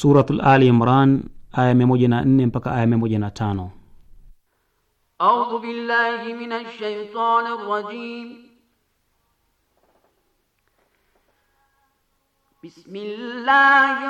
Suratul Ali Imran aya na 104 mpaka aya 105. A'udhu billahi minash shaitanir rajim. Bismillahir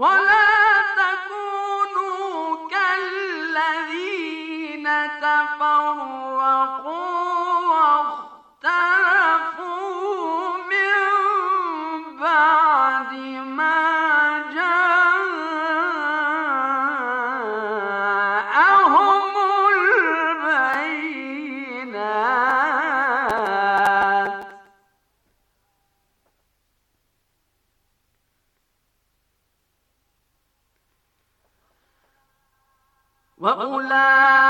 One وَأُولَٰئِكَ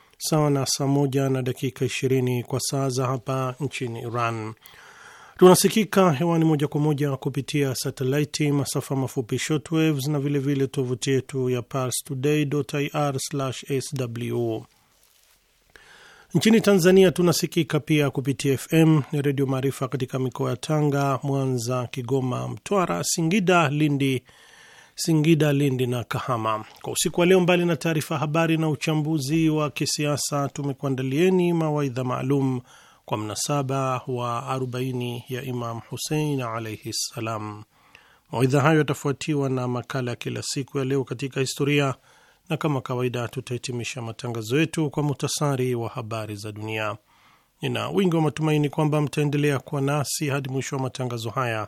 sawa na saa moja na dakika ishirini kwa saa za hapa nchini Iran. Tunasikika hewani moja kwa moja kupitia satelaiti, masafa mafupi shortwaves na vilevile tovuti yetu ya parstoday.ir/sw. Nchini Tanzania tunasikika pia kupitia FM ni Redio Maarifa katika mikoa ya Tanga, Mwanza, Kigoma, Mtwara, Singida, Lindi Singida, Lindi na Kahama. Kwa usiku wa leo, mbali na taarifa habari na uchambuzi wa kisiasa, tumekuandalieni mawaidha maalum kwa mnasaba wa 40 ya Imam Husein alaihi ssalam. Mawaidha hayo yatafuatiwa na makala ya kila siku ya leo katika historia, na kama kawaida tutahitimisha matangazo yetu kwa muhtasari wa habari za dunia. Nina wingi wa matumaini kwamba mtaendelea kuwa nasi hadi mwisho wa matangazo haya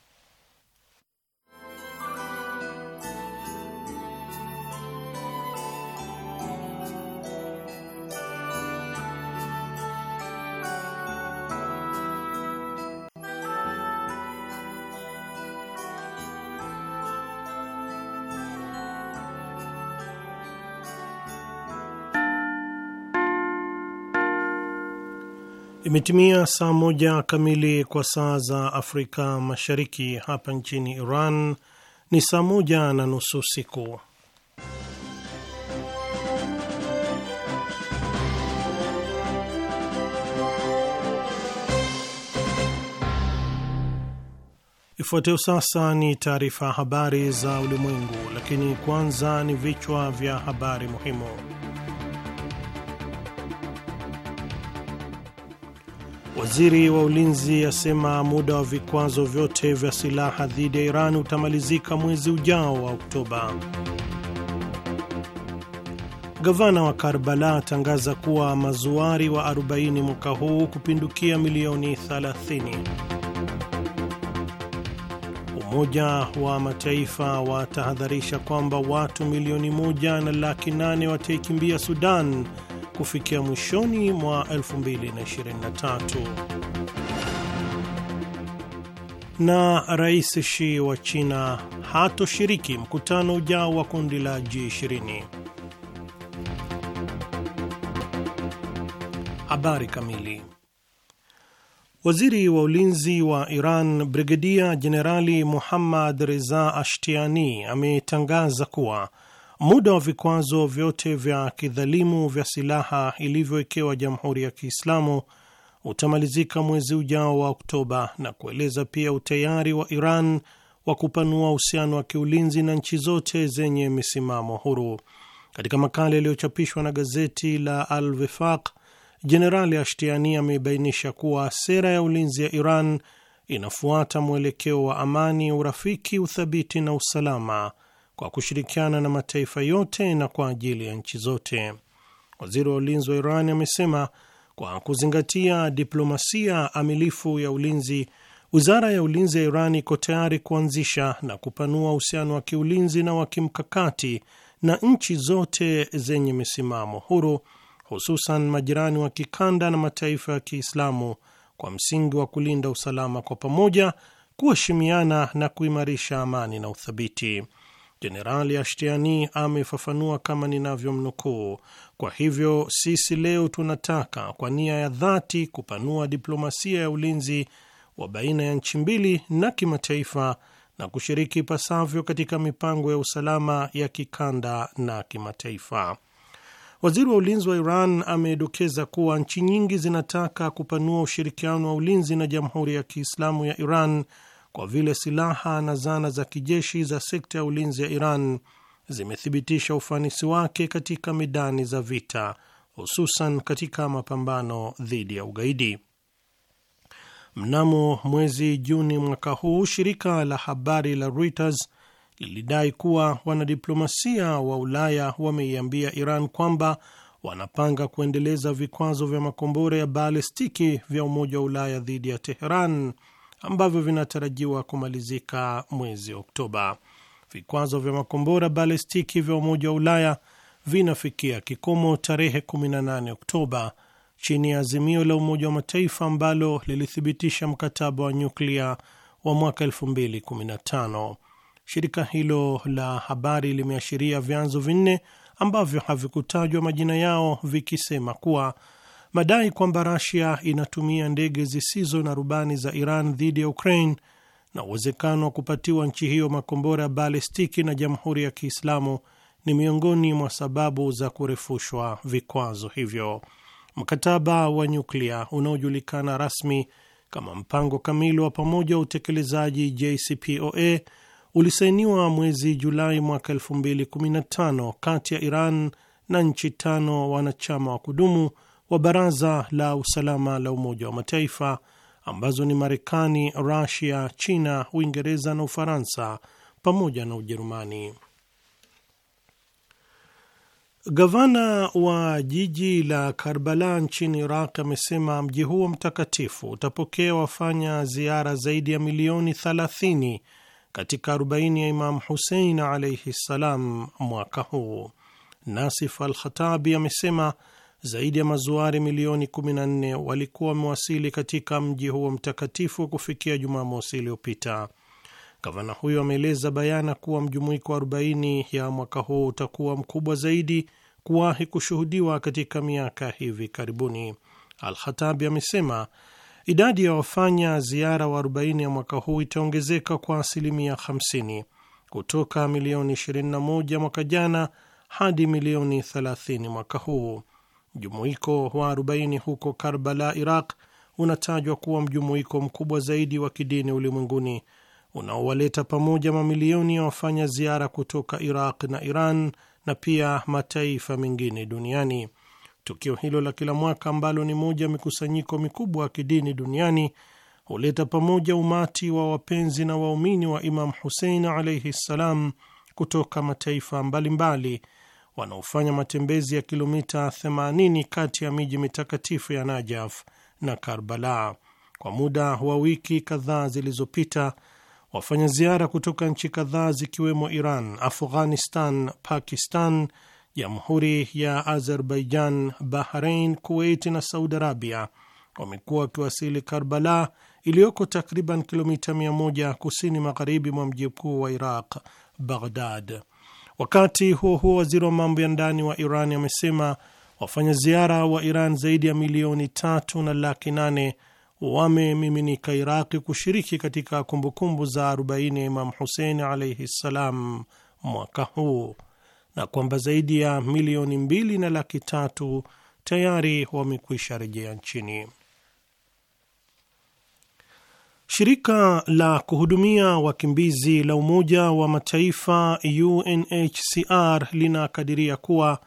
Imetimia saa moja kamili kwa saa za Afrika Mashariki. Hapa nchini Iran ni saa moja na nusu siku. Ifuatayo sasa ni taarifa habari za ulimwengu, lakini kwanza ni vichwa vya habari muhimu. Waziri wa ulinzi asema muda wa vikwazo vyote vya silaha dhidi ya Iran utamalizika mwezi ujao wa Oktoba. Gavana wa Karbala atangaza kuwa mazuari wa 40 mwaka huu kupindukia milioni 30. Umoja wa Mataifa watahadharisha kwamba watu milioni moja na laki nane wataikimbia Sudan kufikia mwishoni mwa 2023. Na Rais Xi wa China hatoshiriki mkutano ujao wa kundi la G20. Habari kamili. Waziri wa ulinzi wa Iran Brigedia Jenerali Muhammad Reza Ashtiani ametangaza kuwa muda wa vikwazo vyote vya kidhalimu vya silaha ilivyowekewa Jamhuri ya Kiislamu utamalizika mwezi ujao wa Oktoba na kueleza pia utayari wa Iran wa kupanua uhusiano wa kiulinzi na nchi zote zenye misimamo huru. Katika makala iliyochapishwa na gazeti la Al Wefaq, Jenerali Ashtiani amebainisha kuwa sera ya ulinzi ya Iran inafuata mwelekeo wa amani, urafiki, uthabiti na usalama kwa kushirikiana na mataifa yote na kwa ajili ya nchi zote. Waziri wa ulinzi wa Iran amesema kwa kuzingatia diplomasia amilifu ya ulinzi, wizara ya ulinzi ya Iran iko tayari kuanzisha na kupanua uhusiano wa kiulinzi na wa kimkakati na nchi zote zenye misimamo huru, hususan majirani wa kikanda na mataifa ya Kiislamu kwa msingi wa kulinda usalama kwa pamoja, kuheshimiana na kuimarisha amani na uthabiti. Jenerali Ashtiani amefafanua kama ninavyomnukuu: kwa hivyo sisi leo tunataka kwa nia ya dhati kupanua diplomasia ya ulinzi wa baina ya nchi mbili na kimataifa na kushiriki ipasavyo katika mipango ya usalama ya kikanda na kimataifa. Waziri wa ulinzi wa Iran amedokeza kuwa nchi nyingi zinataka kupanua ushirikiano wa ulinzi na Jamhuri ya Kiislamu ya Iran kwa vile silaha na zana za kijeshi za sekta ya ulinzi ya Iran zimethibitisha ufanisi wake katika medani za vita, hususan katika mapambano dhidi ya ugaidi. Mnamo mwezi Juni mwaka huu, shirika la habari la Reuters lilidai kuwa wanadiplomasia wa Ulaya wameiambia Iran kwamba wanapanga kuendeleza vikwazo vya makombora ya balistiki vya Umoja wa Ulaya dhidi ya Teheran ambavyo vinatarajiwa kumalizika mwezi Oktoba. Vikwazo vya makombora balistiki vya Umoja wa Ulaya vinafikia kikomo tarehe 18 Oktoba chini ya azimio la Umoja wa Mataifa ambalo lilithibitisha mkataba wa nyuklia wa mwaka 2015. Shirika hilo la habari limeashiria vyanzo vinne ambavyo havikutajwa majina yao vikisema kuwa madai kwamba Rasia inatumia ndege zisizo na rubani za Iran dhidi ya Ukraine na uwezekano wa kupatiwa nchi hiyo makombora ya balistiki na Jamhuri ya Kiislamu ni miongoni mwa sababu za kurefushwa vikwazo hivyo. Mkataba wa nyuklia unaojulikana rasmi kama mpango kamili wa pamoja wa utekelezaji JCPOA ulisainiwa mwezi Julai mwaka 2015 kati ya Iran na nchi tano wanachama wa kudumu wa Baraza la Usalama la Umoja wa Mataifa ambazo ni Marekani, Rusia, China, Uingereza na Ufaransa pamoja na Ujerumani. Gavana wa jiji la Karbala nchini Iraq amesema mji huo mtakatifu utapokea wafanya ziara zaidi ya milioni 30 katika 40 ya Imam Husein alaihi ssalam mwaka huu. Nasif Al Khatabi amesema zaidi ya mazuari milioni 14 walikuwa wamewasili katika mji huo mtakatifu kufikia Jumamosi iliyopita. Gavana huyo ameeleza bayana kuwa mjumuiko wa 40 ya mwaka huu utakuwa mkubwa zaidi kuwahi kushuhudiwa katika miaka hivi karibuni. Al-Hatabi amesema idadi ya wafanya ziara wa 40 ya mwaka huu itaongezeka kwa asilimia 50 kutoka milioni 21 mwaka jana hadi milioni 30 mwaka huu. Mjumuiko wa 40 huko Karbala, Iraq, unatajwa kuwa mjumuiko mkubwa zaidi wa kidini ulimwenguni unaowaleta pamoja mamilioni ya wafanya ziara kutoka Iraq na Iran na pia mataifa mengine duniani. Tukio hilo la kila mwaka ambalo ni moja ya mikusanyiko mikubwa ya kidini duniani huleta pamoja umati wa wapenzi na waumini wa Imam Husein alaihi ssalam kutoka mataifa mbalimbali mbali wanaofanya matembezi ya kilomita 80 kati ya miji mitakatifu ya Najaf na Karbala. Kwa muda wa wiki kadhaa zilizopita, wafanya ziara kutoka nchi kadhaa zikiwemo Iran, Afghanistan, Pakistan, Jamhuri ya Azerbaijan, Bahrain, Kuwait na Saudi Arabia wamekuwa wakiwasili Karbala iliyoko takriban kilomita 100 kusini magharibi mwa mji mkuu wa Iraq, Baghdad. Wakati huo huo, waziri wa mambo ya ndani wa Iran amesema wafanya ziara wa Iran zaidi ya milioni tatu na laki nane wamemiminika Iraqi kushiriki katika kumbukumbu za 40 ya Imam Husein alaihi ssalam mwaka huu na kwamba zaidi ya milioni mbili na laki tatu tayari wamekwisha rejea nchini. Shirika la kuhudumia wakimbizi la Umoja wa Mataifa UNHCR linakadiria kuwa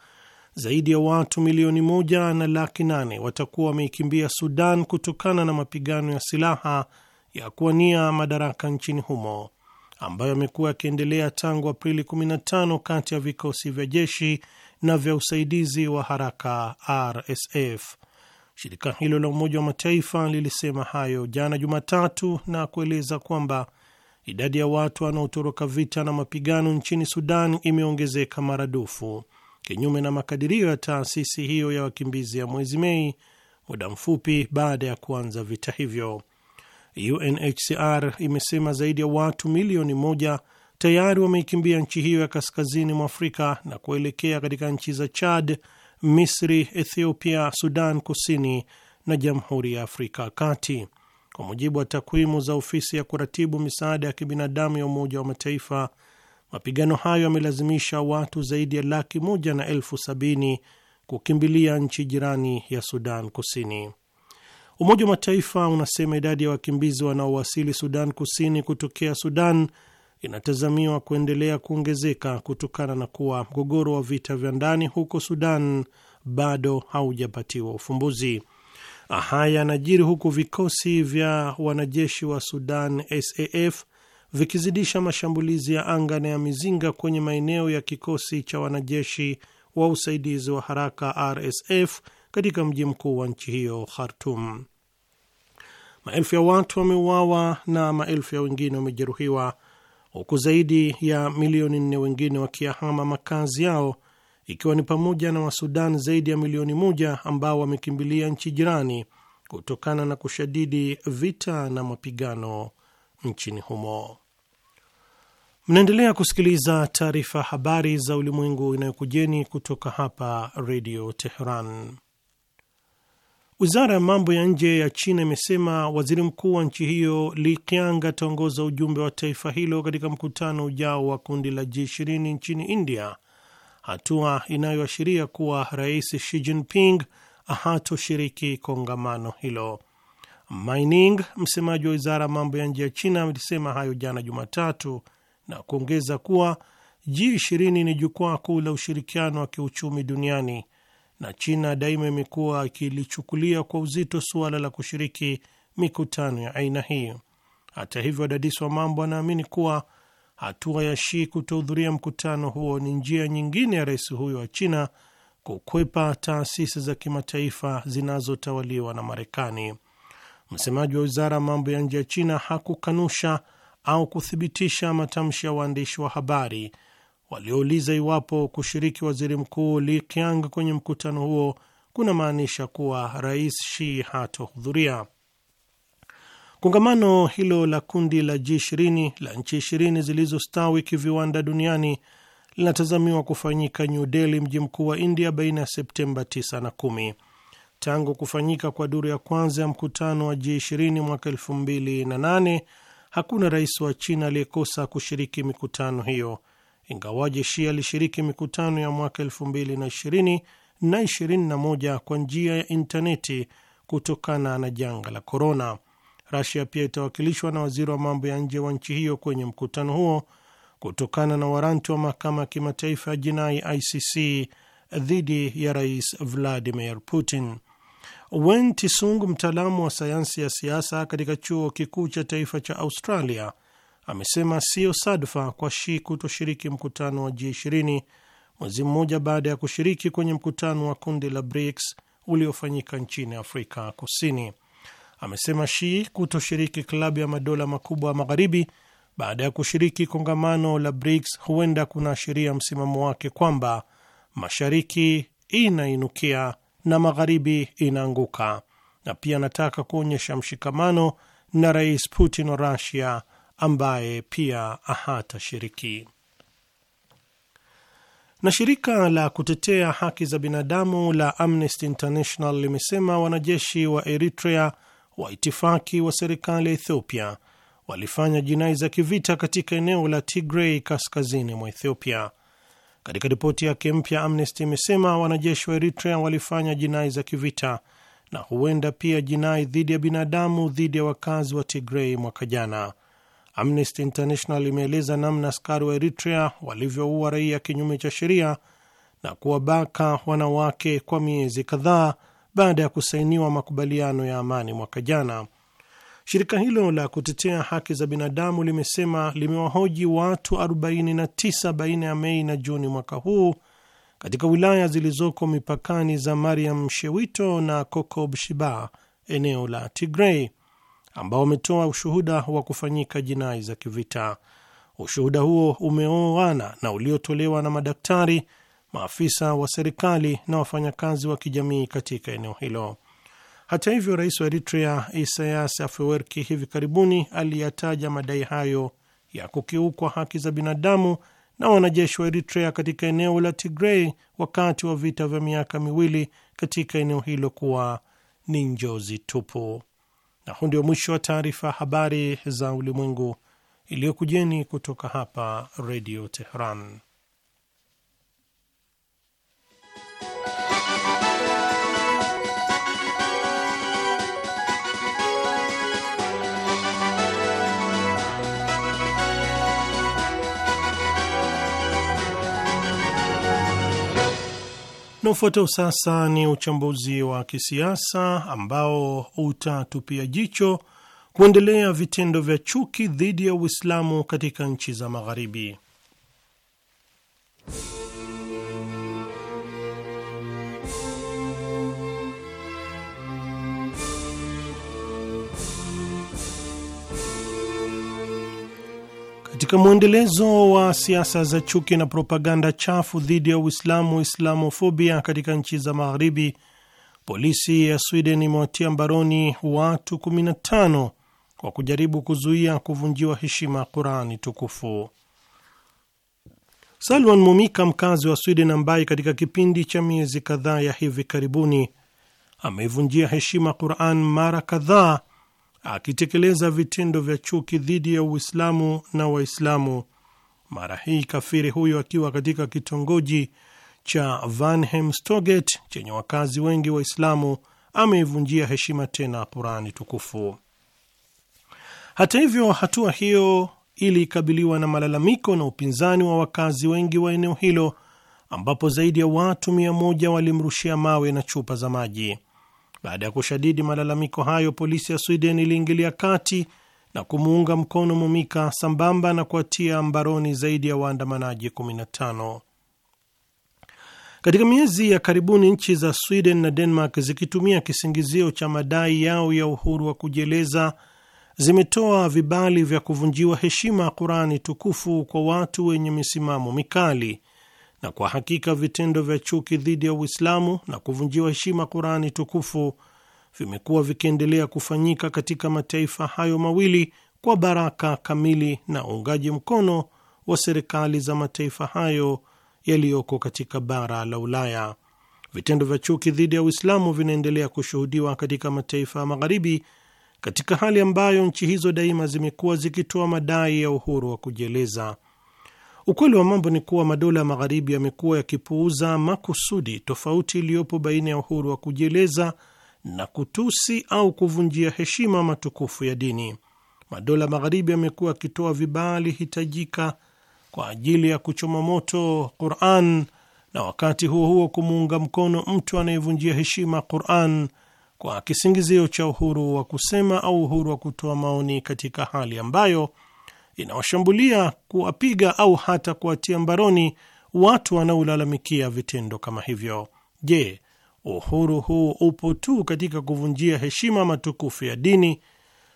zaidi ya watu milioni moja na laki nane watakuwa wameikimbia Sudan kutokana na mapigano ya silaha ya kuwania madaraka nchini humo ambayo yamekuwa yakiendelea tangu Aprili 15 kati ya vikosi vya jeshi na vya usaidizi wa haraka RSF. Shirika hilo la Umoja wa Mataifa lilisema hayo jana Jumatatu na kueleza kwamba idadi ya watu wanaotoroka vita na mapigano nchini Sudan imeongezeka maradufu, kinyume na makadirio ya taasisi hiyo ya wakimbizi ya mwezi Mei, muda mfupi baada ya kuanza vita hivyo. UNHCR imesema zaidi ya watu milioni moja tayari wameikimbia nchi hiyo ya kaskazini mwa Afrika na kuelekea katika nchi za Chad, Misri, Ethiopia, Sudan Kusini na Jamhuri ya Afrika ya Kati. Kwa mujibu wa takwimu za ofisi ya kuratibu misaada ya kibinadamu ya Umoja wa Mataifa, mapigano hayo yamelazimisha watu zaidi ya laki moja na elfu sabini kukimbilia nchi jirani ya Sudan Kusini. Umoja wa Mataifa unasema idadi ya wakimbizi wanaowasili Sudan Kusini kutokea Sudan inatazamiwa kuendelea kuongezeka kutokana na kuwa mgogoro wa vita vya ndani huko Sudan bado haujapatiwa ufumbuzi. Haya yanajiri huku vikosi vya wanajeshi wa Sudan SAF vikizidisha mashambulizi ya anga na ya mizinga kwenye maeneo ya kikosi cha wanajeshi wa usaidizi wa haraka RSF katika mji mkuu wa nchi hiyo Khartum. Maelfu ya watu wameuawa na maelfu ya wengine wamejeruhiwa huku zaidi ya milioni nne wengine wakiyahama makazi yao ikiwa ni pamoja na Wasudan zaidi ya milioni moja ambao wamekimbilia nchi jirani kutokana na kushadidi vita na mapigano nchini humo. Mnaendelea kusikiliza taarifa habari za ulimwengu inayokujeni kutoka hapa Redio Teheran. Wizara ya mambo ya nje ya China imesema waziri mkuu wa nchi hiyo Li Qiang ataongoza ujumbe wa taifa hilo katika mkutano ujao wa kundi la G20 nchini India, hatua inayoashiria kuwa rais Xi Jinping hatoshiriki kongamano hilo. Mining, msemaji wa wizara ya mambo ya nje ya China, amesema hayo jana Jumatatu na kuongeza kuwa G20 ni jukwaa kuu la ushirikiano wa kiuchumi duniani na China daima imekuwa akilichukulia kwa uzito suala la kushiriki mikutano ya aina hii. Hata hivyo, wadadisi wa mambo anaamini kuwa hatua ya Shi kutohudhuria mkutano huo ni njia nyingine ya rais huyo wa China kukwepa taasisi za kimataifa zinazotawaliwa na Marekani. Msemaji wa wizara ya mambo ya nje ya China hakukanusha au kuthibitisha matamshi ya waandishi wa habari waliouliza iwapo kushiriki waziri mkuu Li Qiang kwenye mkutano huo kuna maanisha kuwa rais Shi hatohudhuria. Kongamano hilo la kundi la G20 la nchi ishirini zilizostawi kiviwanda duniani linatazamiwa kufanyika New Delhi, mji mkuu wa India, baina ya Septemba 9 na 10. Tangu kufanyika kwa duru ya kwanza ya mkutano wa G20 mwaka 2008 hakuna rais wa China aliyekosa kushiriki mikutano hiyo ingawaje Shia alishiriki mikutano ya mwaka 2020 na 21 kwa njia ya intaneti kutokana na janga la korona. Rasia pia itawakilishwa na waziri wa mambo ya nje wa nchi hiyo kwenye mkutano huo kutokana na waranti wa mahakama ya kimataifa ya jinai ICC dhidi ya rais Vladimir Putin. Wen Tisung, mtaalamu wa sayansi ya siasa katika chuo kikuu cha taifa cha Australia, amesema siyo sadfa kwa Shi kutoshiriki mkutano wa G20 mwezi mmoja baada ya kushiriki kwenye mkutano wa kundi la BRICS uliofanyika nchini Afrika Kusini. Amesema Shi kutoshiriki klabu ya madola makubwa ya magharibi baada ya kushiriki kongamano la BRICS huenda kunaashiria msimamo wake kwamba mashariki inainukia na magharibi inaanguka, na pia anataka kuonyesha mshikamano na Rais Putin wa Russia ambaye pia hatashiriki. Na shirika la kutetea haki za binadamu la Amnesty International limesema wanajeshi wa Eritrea wa itifaki wa serikali ya Ethiopia walifanya jinai za kivita katika eneo la Tigray kaskazini mwa Ethiopia. Katika ripoti yake mpya, Amnesty imesema wanajeshi wa Eritrea walifanya jinai za kivita na huenda pia jinai dhidi ya binadamu dhidi ya wakazi wa Tigray mwaka jana. Amnesty International imeeleza namna askari wa Eritrea walivyoua raia kinyume cha sheria na kuwabaka wanawake kwa miezi kadhaa baada ya kusainiwa makubaliano ya amani mwaka jana. Shirika hilo la kutetea haki za binadamu limesema limewahoji watu 49 baina ya Mei na Juni mwaka huu katika wilaya zilizoko mipakani za Mariam Shewito na Kokob Shiba, eneo la Tigrei ambao wametoa ushuhuda wa kufanyika jinai za kivita. Ushuhuda huo umeoana na uliotolewa na madaktari, maafisa wa serikali na wafanyakazi wa kijamii katika eneo hilo. Hata hivyo, rais wa Eritrea Isaias Afewerki hivi karibuni aliyataja madai hayo ya kukiukwa haki za binadamu na wanajeshi wa Eritrea katika eneo la Tigrei wakati wa vita vya miaka miwili katika eneo hilo kuwa ni njozi tupu. Na huu ndio mwisho wa taarifa habari za ulimwengu iliyokujeni kutoka hapa Redio teheran Na ufuatao sasa ni uchambuzi wa kisiasa ambao utatupia jicho kuendelea vitendo vya chuki dhidi ya Uislamu katika nchi za Magharibi. Katika mwendelezo wa siasa za chuki na propaganda chafu dhidi ya Uislamu, islamofobia katika nchi za Magharibi, polisi ya Sweden imewatia mbaroni watu 15 kwa kujaribu kuzuia kuvunjiwa heshima Qurani tukufu. Salwan Momika, mkazi wa Sweden, ambaye katika kipindi cha miezi kadhaa ya hivi karibuni ameivunjia heshima Quran mara kadhaa akitekeleza vitendo vya chuki dhidi ya Uislamu na Waislamu, mara hii kafiri huyo akiwa katika kitongoji cha Vanhemstoget chenye wakazi wengi Waislamu ameivunjia heshima tena Qurani tukufu. Hata hivyo, hatua hiyo ilikabiliwa na malalamiko na upinzani wa wakazi wengi wa eneo hilo ambapo zaidi ya watu mia moja walimrushia mawe na chupa za maji. Baada ya kushadidi malalamiko hayo, polisi ya Sweden iliingilia kati na kumuunga mkono Mumika sambamba na kuatia mbaroni zaidi ya waandamanaji 15. Katika miezi ya karibuni nchi za Sweden na Denmark zikitumia kisingizio cha madai yao ya uhuru wa kujieleza zimetoa vibali vya kuvunjiwa heshima Qurani tukufu kwa watu wenye misimamo mikali na kwa hakika vitendo vya chuki dhidi ya Uislamu na kuvunjiwa heshima Qurani tukufu vimekuwa vikiendelea kufanyika katika mataifa hayo mawili kwa baraka kamili na uungaji mkono wa serikali za mataifa hayo yaliyoko katika bara la Ulaya. Vitendo vya chuki dhidi ya Uislamu vinaendelea kushuhudiwa katika mataifa ya Magharibi, katika hali ambayo nchi hizo daima zimekuwa zikitoa madai ya uhuru wa kujieleza. Ukweli wa mambo ni kuwa madola ya magharibi yamekuwa yakipuuza makusudi tofauti iliyopo baina ya uhuru wa kujieleza na kutusi au kuvunjia heshima matukufu ya dini. Madola magharibi yamekuwa yakitoa vibali hitajika kwa ajili ya kuchoma moto Quran na wakati huo huo kumuunga mkono mtu anayevunjia heshima Quran kwa kisingizio cha uhuru wa kusema au uhuru wa kutoa maoni katika hali ambayo inawashambulia, kuwapiga au hata kuwatia mbaroni watu wanaolalamikia vitendo kama hivyo. Je, uhuru huu upo tu katika kuvunjia heshima matukufu ya dini?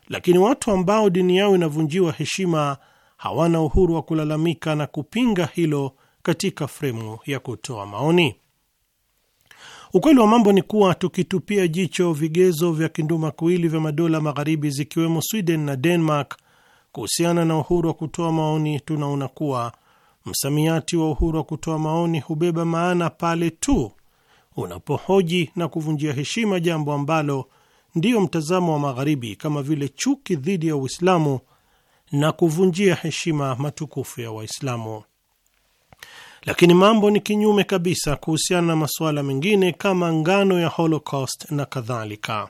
Lakini watu ambao dini yao inavunjiwa heshima hawana uhuru wa kulalamika na kupinga hilo katika fremu ya kutoa maoni. Ukweli wa mambo ni kuwa tukitupia jicho vigezo vya kinduma kuili vya madola magharibi, zikiwemo Sweden na Denmark, Kuhusiana na uhuru wa kutoa maoni, tunaona kuwa msamiati wa uhuru wa kutoa maoni hubeba maana pale tu unapohoji na kuvunjia heshima jambo ambalo ndiyo mtazamo wa Magharibi, kama vile chuki dhidi ya Uislamu na kuvunjia heshima matukufu ya Waislamu. Lakini mambo ni kinyume kabisa kuhusiana na masuala mengine kama ngano ya Holocaust na kadhalika.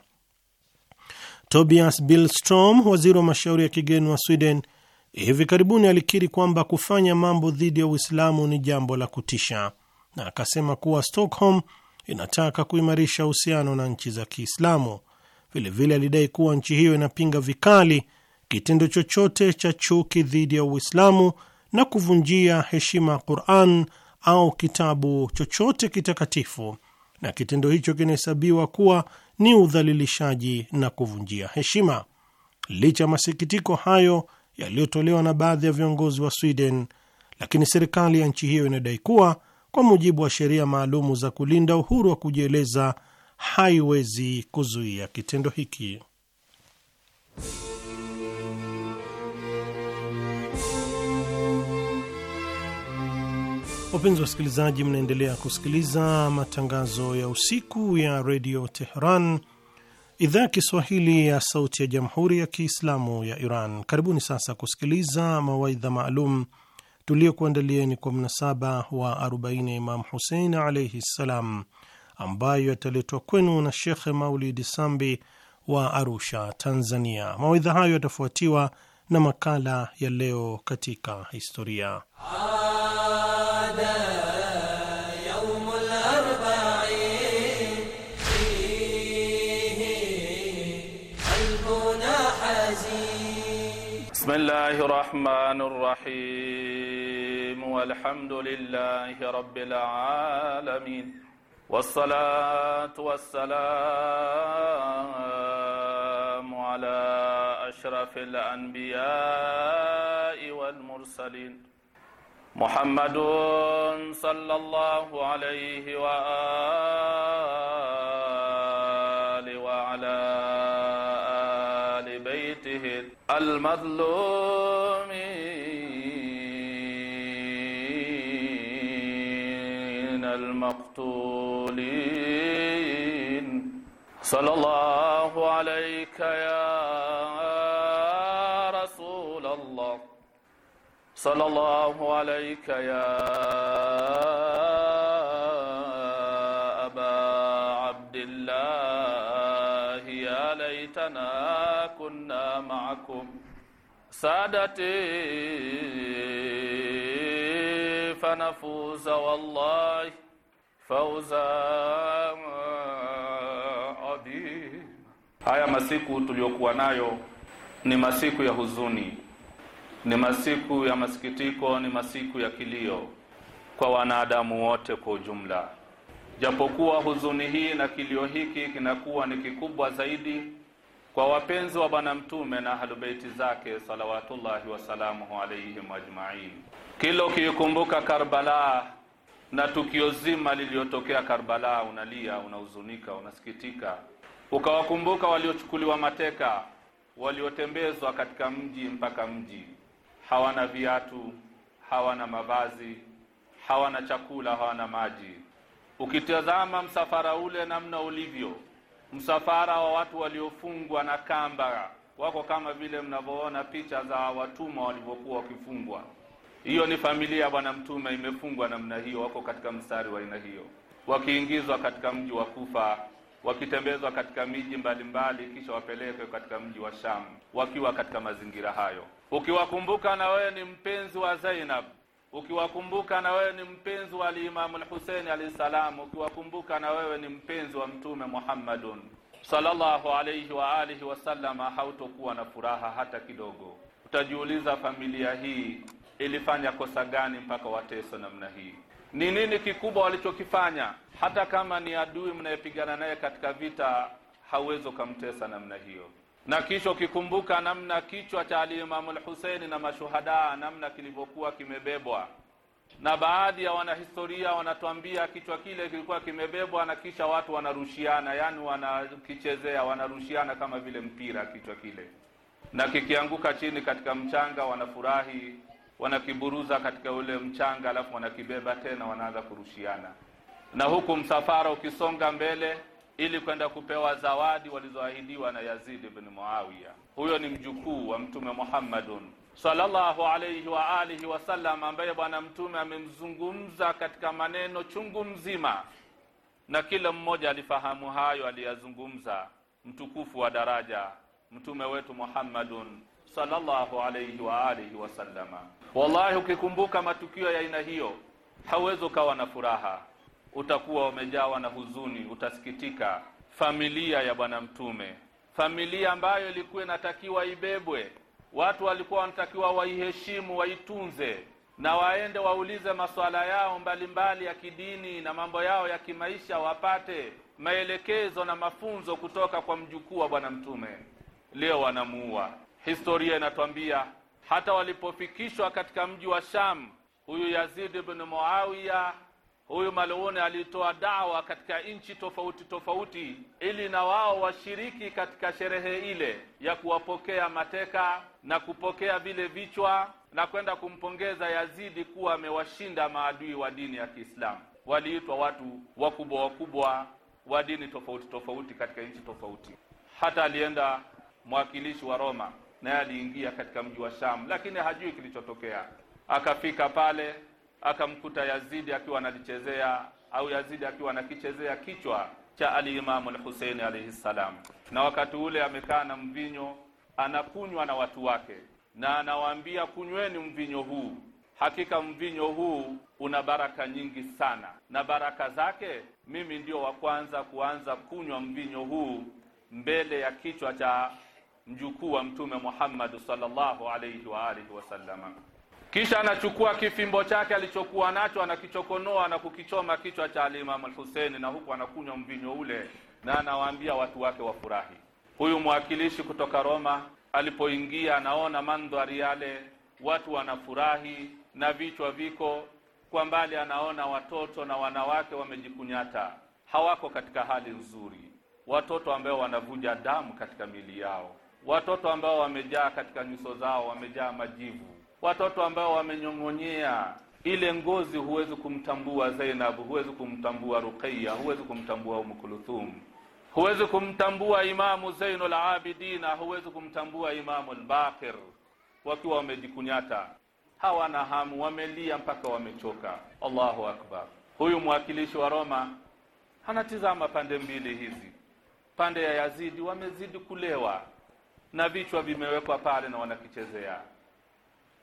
Tobias Billstrom, waziri wa mashauri ya kigeni wa Sweden, hivi karibuni alikiri kwamba kufanya mambo dhidi ya Uislamu ni jambo la kutisha, na akasema kuwa Stockholm inataka kuimarisha uhusiano na nchi za Kiislamu. Vilevile alidai kuwa nchi hiyo inapinga vikali kitendo chochote cha chuki dhidi ya Uislamu na kuvunjia heshima Quran au kitabu chochote kitakatifu, na kitendo hicho kinahesabiwa kuwa ni udhalilishaji na kuvunjia heshima. Licha ya masikitiko hayo yaliyotolewa na baadhi ya viongozi wa Sweden, lakini serikali ya nchi hiyo inadai kuwa kwa mujibu wa sheria maalumu za kulinda uhuru wa kujieleza haiwezi kuzuia kitendo hiki. Wapenzi wasikilizaji, mnaendelea kusikiliza matangazo ya usiku ya redio Teheran, idhaa ya Kiswahili ya sauti ya jamhuri ya Kiislamu ya Iran. Karibuni sasa kusikiliza mawaidha maalum tuliyokuandalieni kwa mnasaba wa 40 Imam Husein alaihi ssalam, ambayo yataletwa kwenu na Shekhe Maulidi Sambi wa Arusha, Tanzania. Mawaidha hayo yatafuatiwa na makala ya leo katika historia. يوم الأربعين فيه حزين بسم الله الرحمن الرحيم والحمد لله رب العالمين والصلاة والسلام على أشرف الأنبياء والمرسلين محمد صلى الله عليه وآله وعلى آل بيته المظلومين المقتولين صلى الله عليك يا صلى الله عليك يا أبا عبد الله يا ليتنا كنا معكم سادتي فنفوز والله فوزا عظيما هيا masiku tuliyokuwa nayo ni masiku ya huzuni ni masiku ya masikitiko, ni masiku ya kilio kwa wanadamu wote kwa ujumla. Japokuwa huzuni hii na kilio hiki kinakuwa ni kikubwa zaidi kwa wapenzi wa Bwana Mtume na halubeiti zake salawatullahi wasalamuhu alaihim ajmain. Kila ukiikumbuka Karbala na tukio zima liliyotokea Karbala, unalia, unahuzunika, unasikitika, ukawakumbuka waliochukuliwa mateka, waliotembezwa katika mji mpaka mji hawana viatu, hawana mavazi, hawana chakula, hawana maji. Ukitazama msafara ule namna ulivyo, msafara wa watu waliofungwa na kamba, wako kama vile mnavyoona picha za watumwa walivyokuwa wakifungwa. Hiyo ni familia ya Bwana Mtume imefungwa namna hiyo, wako katika mstari wa aina hiyo, wakiingizwa katika mji wa Kufa, wakitembezwa katika miji mbalimbali, kisha wapelekwe katika mji wa Sham, wakiwa katika mazingira hayo. Ukiwakumbuka na wewe ni mpenzi wa Zainab, ukiwakumbuka na wewe ni mpenzi wa Imam al-Hussein alayhi salam, ukiwakumbuka na wewe ni mpenzi wa Mtume Muhammadun sallallahu alayhi wa alihi wasallama, hautokuwa na furaha hata kidogo. Utajiuliza, familia hii ilifanya kosa gani mpaka wateso namna hii? Ni nini kikubwa walichokifanya? Hata kama ni adui mnayepigana naye katika vita, hauwezi ukamtesa namna hiyo na kisha ukikumbuka namna kichwa cha alimamu Lhuseini na mashuhada namna kilivyokuwa kimebebwa na baadhi ya wanahistoria wanatuambia kichwa kile kilikuwa kimebebwa na kisha watu wanarushiana, yani wanakichezea, wanarushiana kama vile mpira kichwa kile, na kikianguka chini katika mchanga wanafurahi, wanakiburuza katika ule mchanga, alafu wanakibeba tena, wanaanza kurushiana, na huku msafara ukisonga mbele ili kwenda kupewa zawadi walizoahidiwa na Yazid ibn Muawiya. Huyo ni mjukuu wa Mtume Muhammadun sallallahu alayhi wa alihi wasallam, ambaye Bwana Mtume amemzungumza katika maneno chungu mzima, na kila mmoja alifahamu hayo aliyazungumza mtukufu wa daraja Mtume wetu Muhammadun sallallahu alayhi wa alihi wasallama. Wallahi, ukikumbuka matukio ya aina hiyo hauwezi ukawa na furaha utakuwa umejawa na huzuni, utasikitika. Familia ya Bwana Mtume, familia ambayo ilikuwa inatakiwa ibebwe, watu walikuwa wanatakiwa waiheshimu, waitunze na waende waulize masuala yao mbalimbali ya kidini na mambo yao ya kimaisha, wapate maelekezo na mafunzo kutoka kwa mjukuu wa Bwana Mtume. Leo wanamuua. Historia inatwambia hata walipofikishwa katika mji wa Sham, huyu Yazid ibn Muawiya Huyu maluuni alitoa dawa katika nchi tofauti tofauti, ili na wao washiriki katika sherehe ile ya kuwapokea mateka na kupokea vile vichwa na kwenda kumpongeza Yazidi kuwa amewashinda maadui wa dini ya Kiislamu. Waliitwa watu wakubwa wakubwa wa dini tofauti tofauti katika nchi tofauti. Hata alienda mwakilishi wa Roma, naye aliingia katika mji wa Shamu, lakini hajui kilichotokea. Akafika pale akamkuta Yazidi akiwa analichezea au Yazidi akiwa anakichezea kichwa cha alimamu lhuseini alaihi ssalam, na wakati ule amekaa na mvinyo anakunywa na watu wake, na anawaambia kunyweni mvinyo huu, hakika mvinyo huu una baraka nyingi sana, na baraka zake mimi ndio wa kwanza kuanza kunywa mvinyo huu mbele ya kichwa cha mjukuu wa Mtume Muhammad sallallahu alaihi wa alihi wasallama. Kisha anachukua kifimbo chake alichokuwa nacho anakichokonoa na kukichoma kichwa cha Alimamu Alhuseini, na huku anakunywa mvinyo ule, na anawaambia watu wake wafurahi. Huyu mwakilishi kutoka Roma alipoingia, anaona mandhari yale, watu wanafurahi na vichwa viko kwa mbali, anaona watoto na wanawake wamejikunyata, hawako katika hali nzuri, watoto ambao wanavuja damu katika mili yao, watoto ambao wamejaa katika nyuso zao, wamejaa majivu watoto ambao wamenyong'onyea ile ngozi, huwezi kumtambua Zainab, huwezi kumtambua Ruqayya, huwezi kumtambua Umu Kulthum, huwezi kumtambua Imamu Zainul Abidin, huwezi kumtambua Imamu lbakir wakiwa wamejikunyata, hawana hamu, wamelia mpaka wamechoka. Allahu akbar! Huyu mwakilishi wa Roma anatizama pande mbili hizi, pande ya Yazidi wamezidi kulewa na vichwa vimewekwa pale na wanakichezea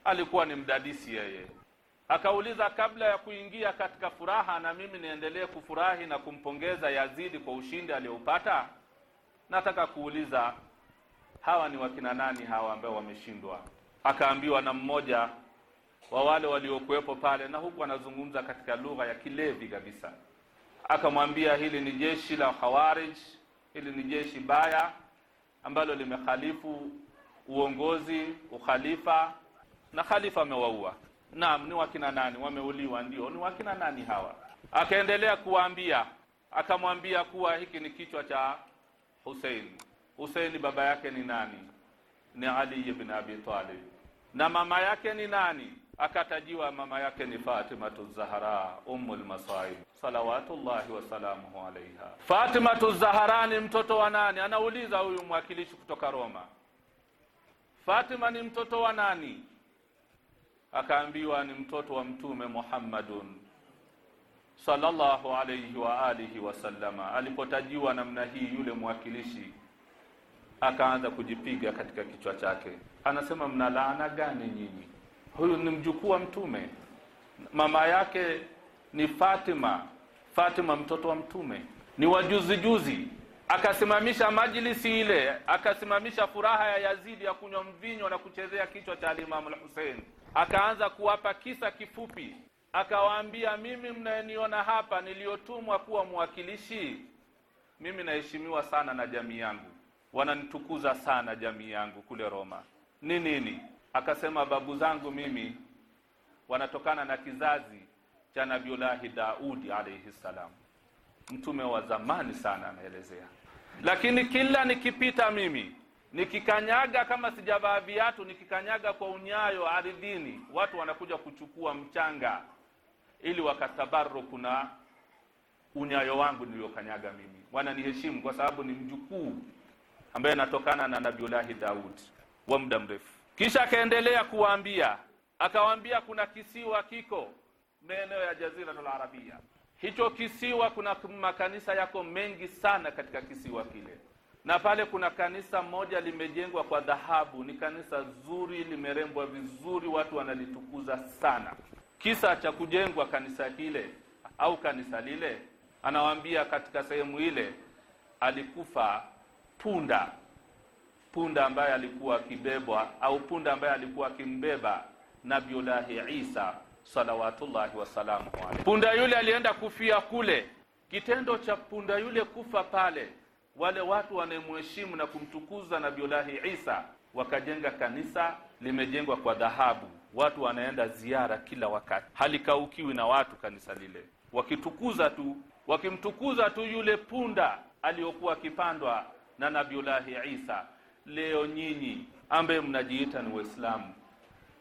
alikuwa ni mdadisi yeye. Akauliza, kabla ya kuingia katika furaha, na mimi niendelee kufurahi na kumpongeza Yazidi kwa ushindi aliyoupata? Nataka kuuliza hawa ni wakina nani hawa ambao wameshindwa? Akaambiwa na mmoja wa wale waliokuwepo pale, na huku anazungumza katika lugha ya kilevi kabisa. Akamwambia, hili ni jeshi la Khawarij, hili ni jeshi baya ambalo limekhalifu uongozi, ukhalifa na khalifa amewaua. Naam, ni wakina nani wameuliwa? Ndio, ni wakina nani hawa? Akaendelea kuwaambia, akamwambia kuwa hiki ni kichwa cha Hussein. Hussein baba yake ni nani? Ni Ali ibn Abi Talib. Na mama yake ni nani? Akatajiwa mama yake ni fatima Zahra ummul masaib salawatullahi wasalamuhu alaiha. Fatimatu Zahra ni mtoto wa nani? Anauliza huyu mwakilishi kutoka Roma, Fatima ni mtoto wa nani? akaambiwa ni mtoto wa Mtume Muhammadun sallallahu alayhi wa alihi wasallama. Alipotajiwa namna hii, yule mwakilishi akaanza kujipiga katika kichwa chake, anasema mna laana gani nyinyi? Huyu ni mjukuu wa Mtume, mama yake ni Fatima, Fatima mtoto wa Mtume, ni wajuzi juzi akasimamisha majlisi ile, akasimamisha furaha ya Yazidi ya kunywa mvinyo na kuchezea kichwa cha Alimamu Alhusein akaanza kuwapa kisa kifupi, akawaambia, mimi mnayeniona hapa niliyotumwa kuwa mwakilishi, mimi naheshimiwa sana na jamii yangu, wananitukuza sana jamii yangu kule Roma. Ni nini? Akasema, babu zangu mimi wanatokana na kizazi cha Nabiullahi Daudi alayhi ssalam mtume wa zamani sana, anaelezea. Lakini kila nikipita mimi nikikanyaga kama sijavaa viatu, nikikanyaga kwa unyayo ardhini, watu wanakuja kuchukua mchanga ili wakatabaru na unyayo wangu niliokanyaga mimi. Wananiheshimu kwa sababu ni mjukuu ambaye anatokana na Nabiullahi Daud wa muda mrefu. Kisha akaendelea kuwaambia, akawaambia kuna kisiwa kiko maeneo ya Jaziratul Arabia. Hicho kisiwa kuna makanisa yako mengi sana katika kisiwa kile na pale kuna kanisa moja limejengwa kwa dhahabu. Ni kanisa zuri, limerembwa vizuri, watu wanalitukuza sana. Kisa cha kujengwa kanisa kile au kanisa lile, anawaambia katika sehemu ile alikufa punda, punda ambaye alikuwa akibebwa au punda ambaye alikuwa akimbeba Nabiullahi Isa salawatullahi wasalamu alayhi. Punda yule alienda kufia kule. Kitendo cha punda yule kufa pale wale watu wanayemheshimu na kumtukuza Nabiullahi Isa wakajenga kanisa, limejengwa kwa dhahabu, watu wanaenda ziara kila wakati, halikaukiwi na watu kanisa lile, wakitukuza tu, wakimtukuza tu yule punda aliyokuwa akipandwa na Nabiullahi Isa. Leo nyinyi ambaye mnajiita ni Waislamu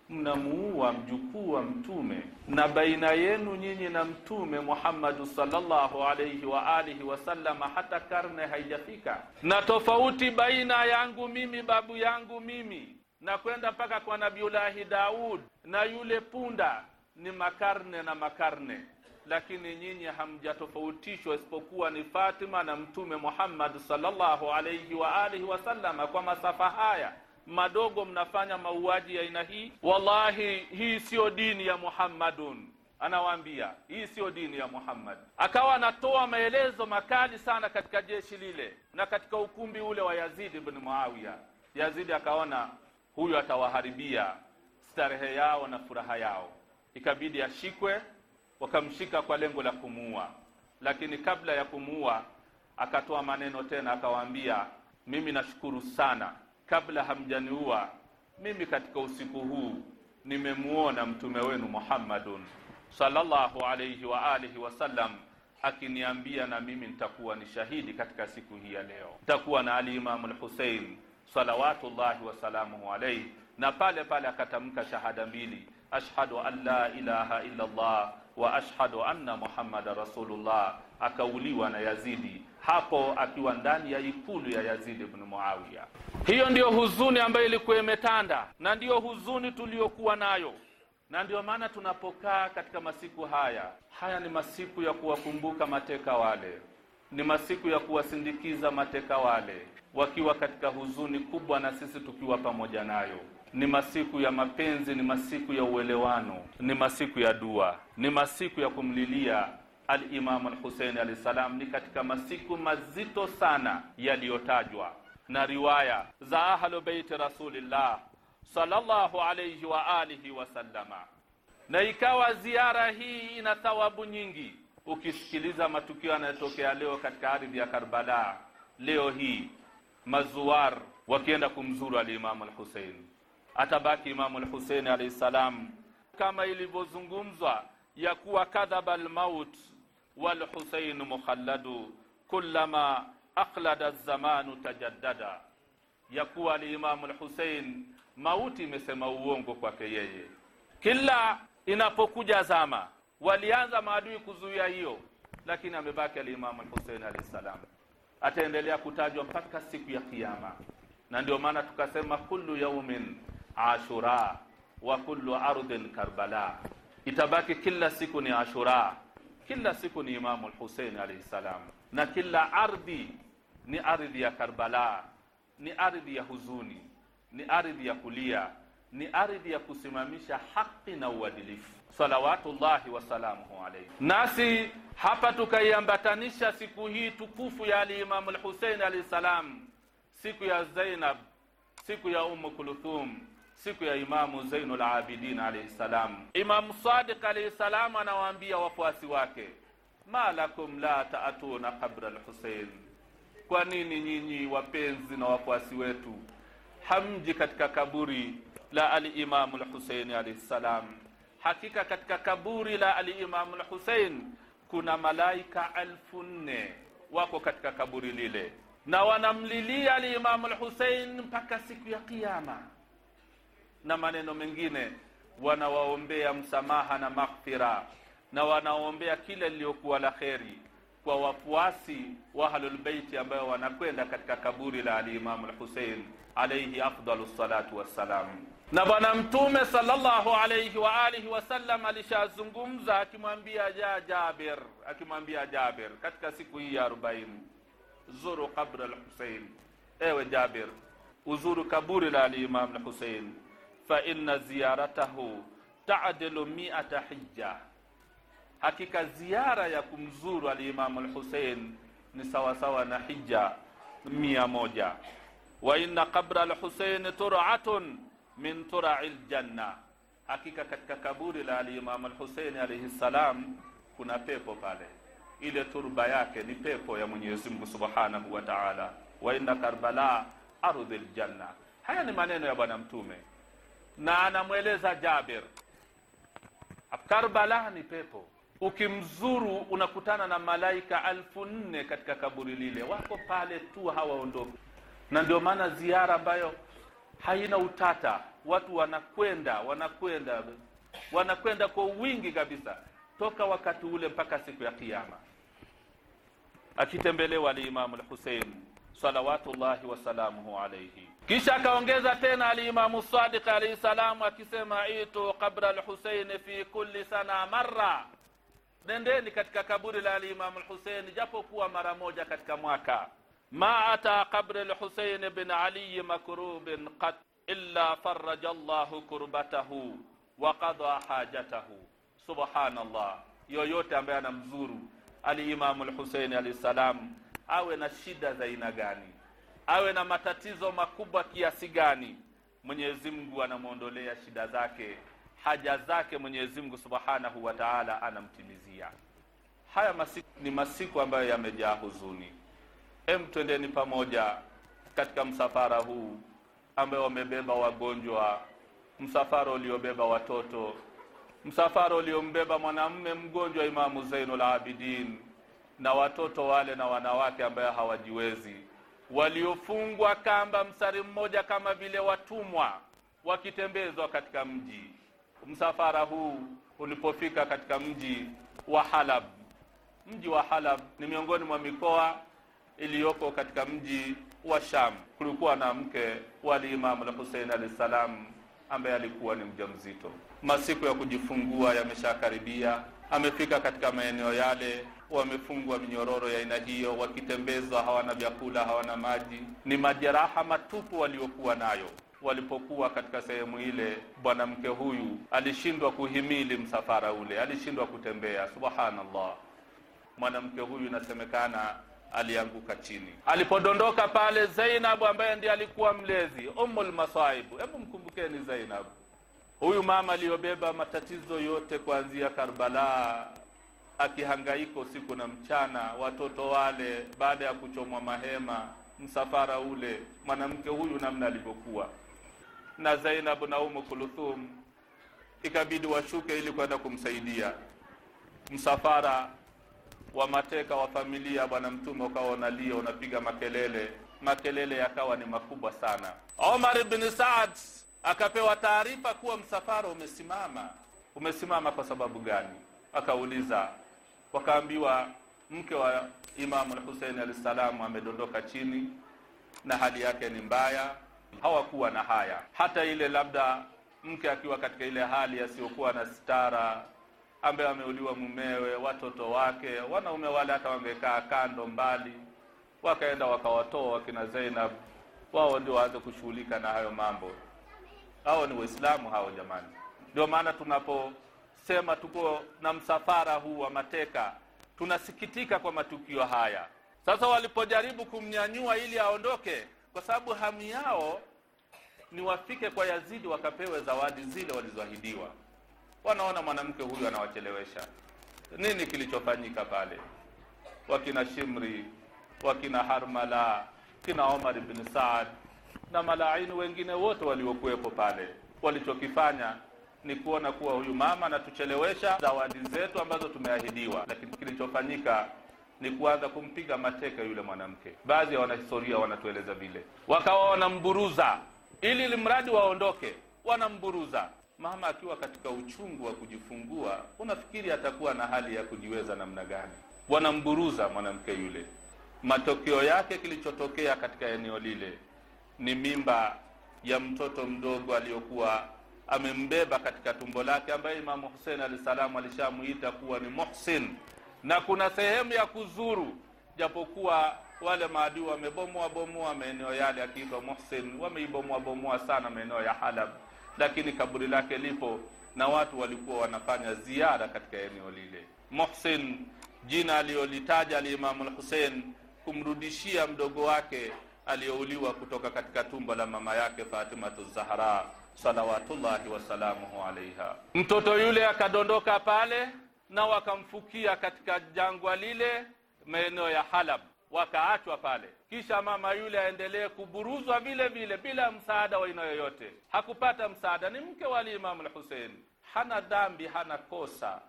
mnamuua mjukuu wa mtume, na baina yenu nyinyi na mtume Muhammadu sallallahu alaihi wa alihi wasallam hata karne haijafika, na tofauti baina yangu mimi babu yangu mimi na kwenda mpaka kwa Nabiullahi Daud na yule punda ni makarne na makarne, lakini nyinyi hamjatofautishwa isipokuwa ni Fatima na mtume Muhammad sallallahu alaihi wa alihi wasallama kwa masafa haya madogo mnafanya mauaji ya aina hii. Wallahi, hii siyo dini ya Muhammadun, anawaambia hii siyo dini ya Muhammad. Akawa anatoa maelezo makali sana katika jeshi lile na katika ukumbi ule wa Yazidi ibn Muawiya. Yazidi akaona huyu atawaharibia starehe yao na furaha yao, ikabidi ashikwe. Wakamshika kwa lengo la kumuua, lakini kabla ya kumuua akatoa maneno tena, akawaambia mimi nashukuru sana kabla hamjaniua mimi katika usiku huu nimemuona mtume wenu Muhammadun sallallahu alayhi wa alihi wasallam akiniambia na mimi nitakuwa ni shahidi katika siku hii ya leo. Nitakuwa na Ali Imam al-Hussein salawatullahi wasalamuhu alayhi, na pale pale akatamka shahada mbili, ashhadu an la ilaha illa Allah wa ashhadu anna Muhammadan rasulullah. Akauliwa na Yazidi hapo akiwa ndani ya ikulu ya Yazid ibn Muawiya. Hiyo ndiyo huzuni ambayo ilikuwa imetanda na ndiyo huzuni tuliyokuwa nayo, na ndiyo maana tunapokaa katika masiku haya haya, ni masiku ya kuwakumbuka mateka wale, ni masiku ya kuwasindikiza mateka wale wakiwa katika huzuni kubwa, na sisi tukiwa pamoja nayo ni masiku ya mapenzi, ni masiku ya uelewano, ni masiku ya dua, ni masiku ya kumlilia alimamu imam al-Hussein salam ni katika masiku mazito sana yaliyotajwa na riwaya za ahlu beiti Rasulillah sallallahu alayhi wa alihi na ikawa ziara hii ina thawabu nyingi. Ukisikiliza matukio yanayotokea leo katika ardhi ya Karbala, leo hii mazuwar wakienda kumzuru alimamu lhuseini al atabaki imamu lhuseini alahi ssalam salam kama ilivyozungumzwa ya kuwa kadhaba al والحسين مخلد كلما aklada zamanu tajaddada ya kuwa alimamu lhusein mauti imesema uongo kwake yeye. Kila inapokuja zama, walianza maadui kuzuia hiyo, lakini amebaki alimamu Hussein alayhi salam, ataendelea kutajwa mpaka siku ya Kiyama. Na ndio maana tukasema kullu yaumin ashura wa kullu ardhin karbala, itabaki kila siku ni ashura kila siku ni Imamu Hussein alayhi salam, na kila ardhi ni ardhi ya Karbala, ni ardhi ya huzuni, ni ardhi ya kulia, ni ardhi ya kusimamisha haki na uadilifu, salawatullahi wasalamuhu alayhi. Nasi hapa tukaiambatanisha siku hii tukufu ya Alimamu Lhusein alayhi salam, siku ya Zainab, siku ya Ummu Kulthum siku ya Imamu Zainul Abidin alayhi salam. Imamu Sadiq alaihi salam anawaambia wafuasi wake, ma lakum la taatuna qabra al kwa nini nyinyi wapenzi na wafuasi wetu hamji katika kaburi la alimamu lhuseini alaihi salam? Hakika katika kaburi la alimamu lhusein kuna malaika elfu nne wako katika kaburi lile na wanamlilia alimamu al mpaka siku ya Kiama na maneno mengine, wanawaombea msamaha na maghfira na wanaombea kila liliyokuwa la kheri kwa wafuasi wa Ahlul ambayo wanakwenda katika kaburi la Alimamu Lhusein alaihi afdalu salatu wassalam. Na Bwana Mtume sallallahu alaihi wa alihi wasallam alishazungumza akimwambia ja Jabir, akimwambia Jabir katika siku hii ya arobaini, zuru qabra Lhusein, ewe Jabir, uzuru kaburi la Alimamu Lhusein fa inna ziyaratahu ta'dilu mi'ata hijja, hakika ziara ya kumzuru alimamu al-Hussein ni sawasawa na hija mia moja. Wa inna qabra al-Hussein tur'atun min tura'il janna, hakika katika kaburi la alimamu al-Hussein alayhi salam kuna pepo pale, ile turba yake ni pepo ya Mwenyezi Mungu Subhanahu wa Ta'ala. Wa inna Karbala ardhil janna. Haya ni maneno ya Bwana Mtume na anamweleza Jabir, Karbala ni pepo. Ukimzuru unakutana na malaika alfu nne katika kaburi lile, wako pale tu, hawaondoki. Na ndio maana ziara ambayo haina utata, watu wanakwenda wanakwenda wanakwenda kwa wingi kabisa, toka wakati ule mpaka siku ya Kiyama. Akitembelewa alimamu Lhusein salawatullahi wasalamuhu alaihi kisha akaongeza tena alimamu sadiq alaihi salam akisema itu qabra alhusaini fi kulli sana marra nendeni katika kaburi la alimamu lhuseini japo kuwa mara moja katika mwaka ma ata qabri alhusaini bin aliyi makrubin qat illa faraja llahu kurbatahu wa qada hajatahu llah yoyote ambaye anamzuru alimamu lhuseini alaihi salam awe na shida za aina gani awe na matatizo makubwa kiasi gani, Mwenyezi Mungu anamwondolea shida zake, haja zake Mwenyezi Mungu Subhanahu wa Ta'ala anamtimizia. Haya masiku ni masiku ambayo yamejaa huzuni. Em, twendeni pamoja katika msafara huu ambao wamebeba wagonjwa, msafara uliobeba watoto, msafara uliombeba mwanamume mgonjwa Imamu Zainul Abidin na watoto wale na wanawake ambayo hawajiwezi waliofungwa kamba mstari mmoja kama vile watumwa wakitembezwa katika mji. Msafara huu ulipofika katika mji wa Halab, mji wa Halab ni miongoni mwa mikoa iliyoko katika mji wa Sham. Kulikuwa na mke wa Imam al-Hussein salam ambaye alikuwa ni mjamzito. Masiku ya kujifungua yameshakaribia amefika katika maeneo yale, wamefungwa minyororo ya aina hiyo, wakitembezwa, hawana vyakula, hawana maji, ni majeraha matupu waliokuwa nayo walipokuwa katika sehemu ile. Bwanamke huyu alishindwa kuhimili msafara ule, alishindwa kutembea. Subhanallah, mwanamke huyu inasemekana alianguka chini. Alipodondoka pale, zainabu ambaye ndiye alikuwa mlezi Ummul hebu mkumbukeni Zainabu Huyu mama aliyobeba matatizo yote kuanzia Karbala, akihangaika usiku na mchana, watoto wale, baada ya kuchomwa mahema, msafara ule, mwanamke huyu namna alivyokuwa, na Zainab na Umu Kuluthum ikabidi washuke ili kwenda kumsaidia. Msafara wa mateka wa familia Bwana Mtume ukawa unalia, unapiga makelele, makelele yakawa ni makubwa sana. Omar ibn Saad akapewa taarifa kuwa msafara umesimama. Umesimama kwa sababu gani? Akauliza, wakaambiwa mke wa Imamu lhuseini husaini alayhi amedondoka chini na hali yake ni mbaya. Hawakuwa na haya hata ile, labda mke akiwa katika ile hali asiyokuwa na sitara, ambaye ameuliwa mumewe, watoto wake, wanaume wale hata wangekaa kando mbali, wakaenda wakawatoa wakina Zainab, wao ndio waanze kushughulika na hayo mambo hao ni Waislamu hao jamani. Ndio maana tunaposema tuko na msafara huu wa mateka, tunasikitika kwa matukio haya. Sasa walipojaribu kumnyanyua ili aondoke, kwa sababu hamu yao ni wafike kwa Yazidi wakapewe zawadi zile walizoahidiwa, wanaona mwanamke huyu anawachelewesha. Nini kilichofanyika pale? Wakina Shimri, wakina Harmala, kina Omar ibn Saad na malaini wengine wote waliokuwepo pale. Walichokifanya ni kuona kuwa huyu mama anatuchelewesha zawadi zetu ambazo tumeahidiwa, lakini kilichofanyika ni kuanza kumpiga mateke yule mwanamke. Baadhi ya wanahistoria wanatueleza vile, wakawa wanamburuza ili ili mradi waondoke, wanamburuza mama akiwa katika uchungu wa kujifungua. Unafikiri atakuwa na hali ya kujiweza namna gani? Wanamburuza mwanamke yule. Matokeo yake, kilichotokea katika eneo lile ni mimba ya mtoto mdogo aliyokuwa amembeba katika tumbo lake, ambaye Imamu Hussein alayhi salamu alishamuita kuwa ni Muhsin, na kuna sehemu ya kuzuru, japokuwa wale maadui wamebomoa bomoa maeneo yale akiitwa Muhsin, wameibomoa bomoa sana maeneo ya Halab, lakini kaburi lake lipo na watu walikuwa wanafanya ziara katika eneo lile. Muhsin, jina aliyolitaja alimamu Hussein kumrudishia mdogo wake aliyouliwa kutoka katika tumbo la mama yake Fatimatu Zahra salawatullahi wasalamuhu alaiha. Mtoto yule akadondoka pale na wakamfukia katika jangwa lile maeneo ya Halab, wakaachwa pale. Kisha mama yule aendelee kuburuzwa vile vile bila msaada wa aina yoyote. Hakupata msaada, ni mke wa Alimamu Lhusein, hana dhambi, hana kosa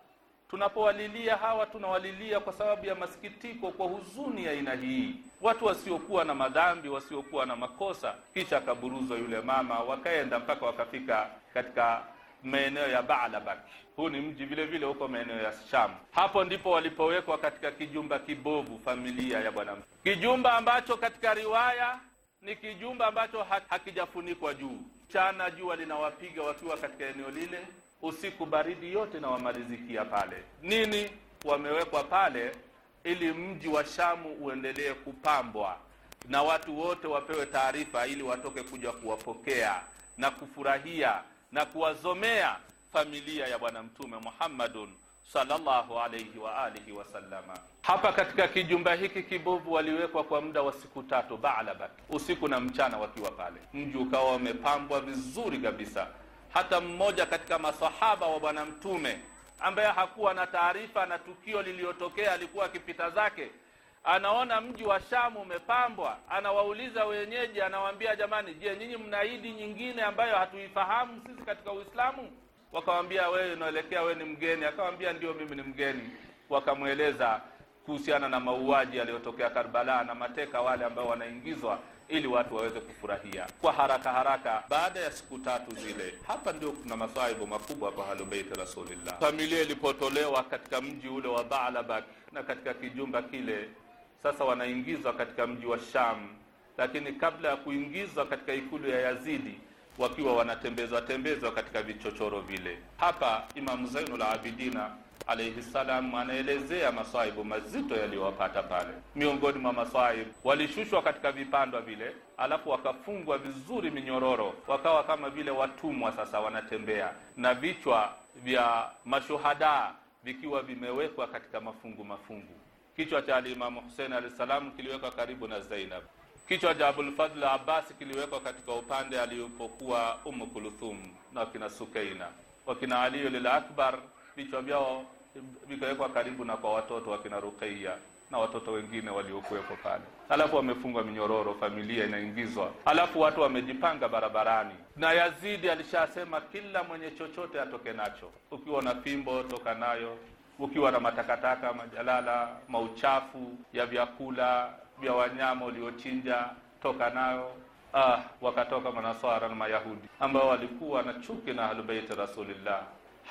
tunapowalilia hawa tunawalilia kwa sababu ya masikitiko, kwa huzuni ya aina hii, watu wasiokuwa na madhambi, wasiokuwa na makosa. Kisha akaburuzwa yule mama, wakaenda mpaka wakafika katika maeneo ya Baalabak. Huu ni mji vile vile huko maeneo ya Sham. Hapo ndipo walipowekwa katika kijumba kibovu, familia ya bwana, kijumba ambacho katika riwaya ni kijumba ambacho hakijafunikwa juu. Mchana jua linawapiga wakiwa katika eneo lile usiku baridi yote na wamalizikia pale. Nini wamewekwa pale? Ili mji wa Shamu uendelee kupambwa na watu wote wapewe taarifa, ili watoke kuja kuwapokea na kufurahia na kuwazomea familia ya Bwana Mtume Muhammadun sallallahu alayhi wa alihi wasallama. Hapa katika kijumba hiki kibovu waliwekwa kwa muda wa siku tatu, ba'labat, usiku na mchana wakiwa pale, mji ukawa wamepambwa vizuri kabisa hata mmoja katika masahaba wa Bwana Mtume ambaye hakuwa na taarifa na tukio liliyotokea alikuwa akipita zake, anaona mji wa Shamu umepambwa, anawauliza wenyeji, anawaambia jamani, je, nyinyi mna idi nyingine ambayo hatuifahamu sisi katika Uislamu? Wakawambia wewe unaelekea, wewe ni mgeni. Akawambia ndio, mimi ni mgeni. Wakamweleza kuhusiana na mauaji yaliyotokea Karbala na mateka wale ambao wanaingizwa ili watu waweze kufurahia kwa haraka haraka. Baada ya siku tatu zile, hapa ndio kuna masaibu makubwa kwa halubeiti Rasulillah. Familia ilipotolewa katika mji ule wa Baalabak na katika kijumba kile, sasa wanaingizwa katika mji wa Sham, lakini kabla ya kuingizwa katika ikulu ya Yazidi wakiwa wanatembezwa tembezwa katika vichochoro vile. Hapa Imamu Zainul Abidina alaihi salam anaelezea masaibu mazito yaliyowapata pale. Miongoni mwa masaibu, walishushwa katika vipandwa vile, alafu wakafungwa vizuri minyororo, wakawa kama vile watumwa. Sasa wanatembea na vichwa vya mashuhada vikiwa vimewekwa katika mafungu mafungu. Kichwa cha alimamu Husein alahi salam kiliwekwa karibu na Zainab. Kichwa cha Abulfadl Abbasi kiliwekwa katika upande alipokuwa Umu Kuluthum na wakina Sukeina, wakina Aliyu Akbar, vichwa vyao vikawekwa karibu na kwa watoto wakina Ruqayya na watoto wengine waliokuwepo pale, alafu wamefungwa minyororo, familia inaingizwa, alafu watu wamejipanga barabarani. Na Yazidi alishasema kila mwenye chochote atoke nacho. Ukiwa na fimbo toka nayo, ukiwa na matakataka, majalala, mauchafu ya vyakula vya wanyama uliochinja toka nayo. Ah, wakatoka manaswara na Mayahudi ambao walikuwa na chuki na ahlubeiti Rasulillah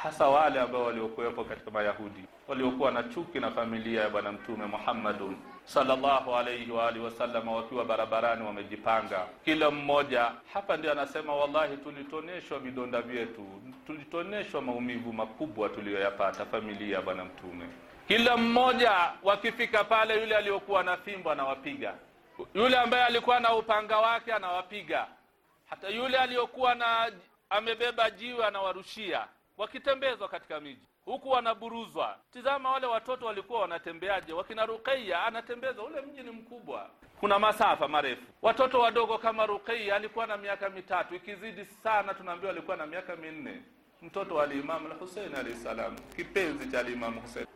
hasa wale ambao waliokuwepo katika Mayahudi waliokuwa na chuki na familia ya Bwana Mtume Muhammadun sallallahu alaihi wa alihi wasallam, wakiwa barabarani wamejipanga, kila mmoja hapa. Ndio anasema wallahi, tulitoneshwa vidonda vyetu, tulitoneshwa maumivu makubwa tuliyoyapata familia ya Bwana Mtume. Kila mmoja wakifika pale, yule aliyokuwa na fimbo anawapiga, yule ambaye alikuwa na upanga wake anawapiga, hata yule aliyokuwa na amebeba jiwe anawarushia wakitembezwa katika miji huku wanaburuzwa. Tizama wale watoto walikuwa wanatembeaje? Wakina Ruqaiya anatembezwa, ule mji ni mkubwa, kuna masafa marefu. Watoto wadogo kama Ruqaiya alikuwa na miaka mitatu, ikizidi sana tunaambiwa alikuwa na miaka minne, mtoto wa Alimamu Al-Hussein alayhi salam, kipenzi cha Alimamu Hussein.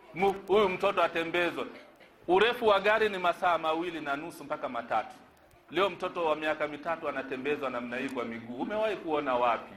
Huyu mtoto atembezwe, urefu wa gari ni masaa mawili na nusu mpaka matatu. Leo mtoto wa miaka mitatu anatembezwa namna hii kwa miguu, umewahi kuona wapi?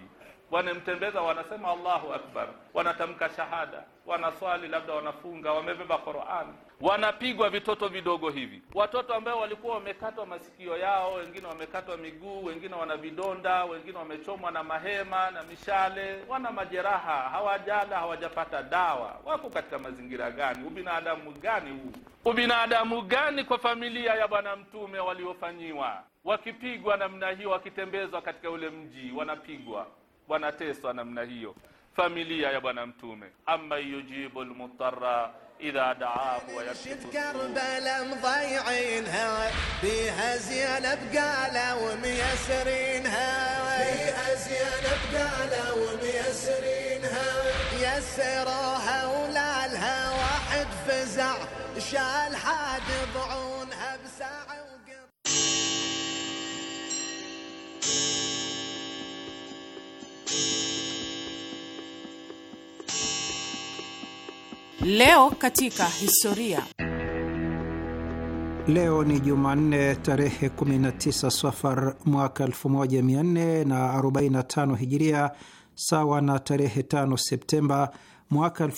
wanemtembeza, wanasema Allahu akbar, wanatamka shahada, wanaswali, labda wanafunga, wamebeba Qur'an, wanapigwa vitoto vidogo hivi, watoto ambao walikuwa wamekatwa masikio yao, wengine wamekatwa miguu, wengine wana vidonda, wengine wamechomwa na mahema na mishale, wana majeraha, hawajala, hawajapata dawa. Wako katika mazingira gani? Ubinadamu gani huu? Ubinadamu gani kwa familia ya Bwana Mtume waliofanyiwa, wakipigwa namna hiyo, wakitembezwa katika ule mji, wanapigwa wanateswa namna hiyo familia ya bwana mtume ama yujibu almutarra إذا دعاه ويكشف كربلاء مضيعينها فيها زينة بقالة وميسرينها فيها زينة بقالة وميسرينها يسروها ولا لها واحد فزع شال حاد ضعوف Leo katika historia. Leo ni Jumanne tarehe 19 Safar mwaka 1445 Hijiria, sawa na tarehe 5 Septemba mwaka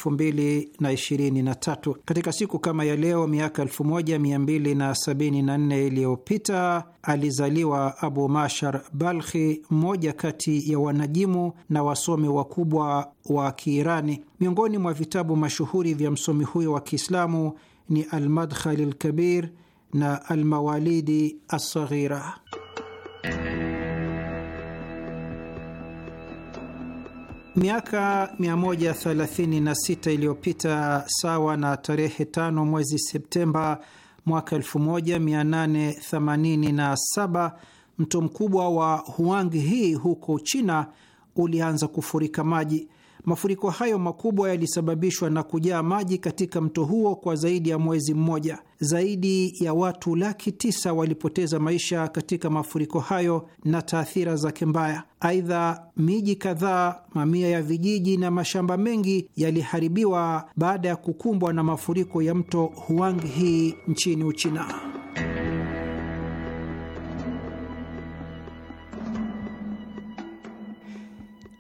tatu. Katika siku kama ya leo miaka 1274 iliyopita alizaliwa Abu Mashar Balkhi, mmoja kati ya wanajimu na wasomi wakubwa wa Kiirani. Miongoni mwa vitabu mashuhuri vya msomi huyo wa Kiislamu ni Almadkhali Lkabir na Almawalidi Assaghira. Miaka 136 iliyopita sawa na tarehe tano mwezi Septemba mwaka 1887 mto mkubwa wa Huang hii huko China ulianza kufurika maji. Mafuriko hayo makubwa yalisababishwa na kujaa maji katika mto huo kwa zaidi ya mwezi mmoja. Zaidi ya watu laki tisa walipoteza maisha katika mafuriko hayo na taathira zake mbaya. Aidha, miji kadhaa, mamia ya vijiji na mashamba mengi yaliharibiwa baada ya kukumbwa na mafuriko ya mto huang hii nchini Uchina.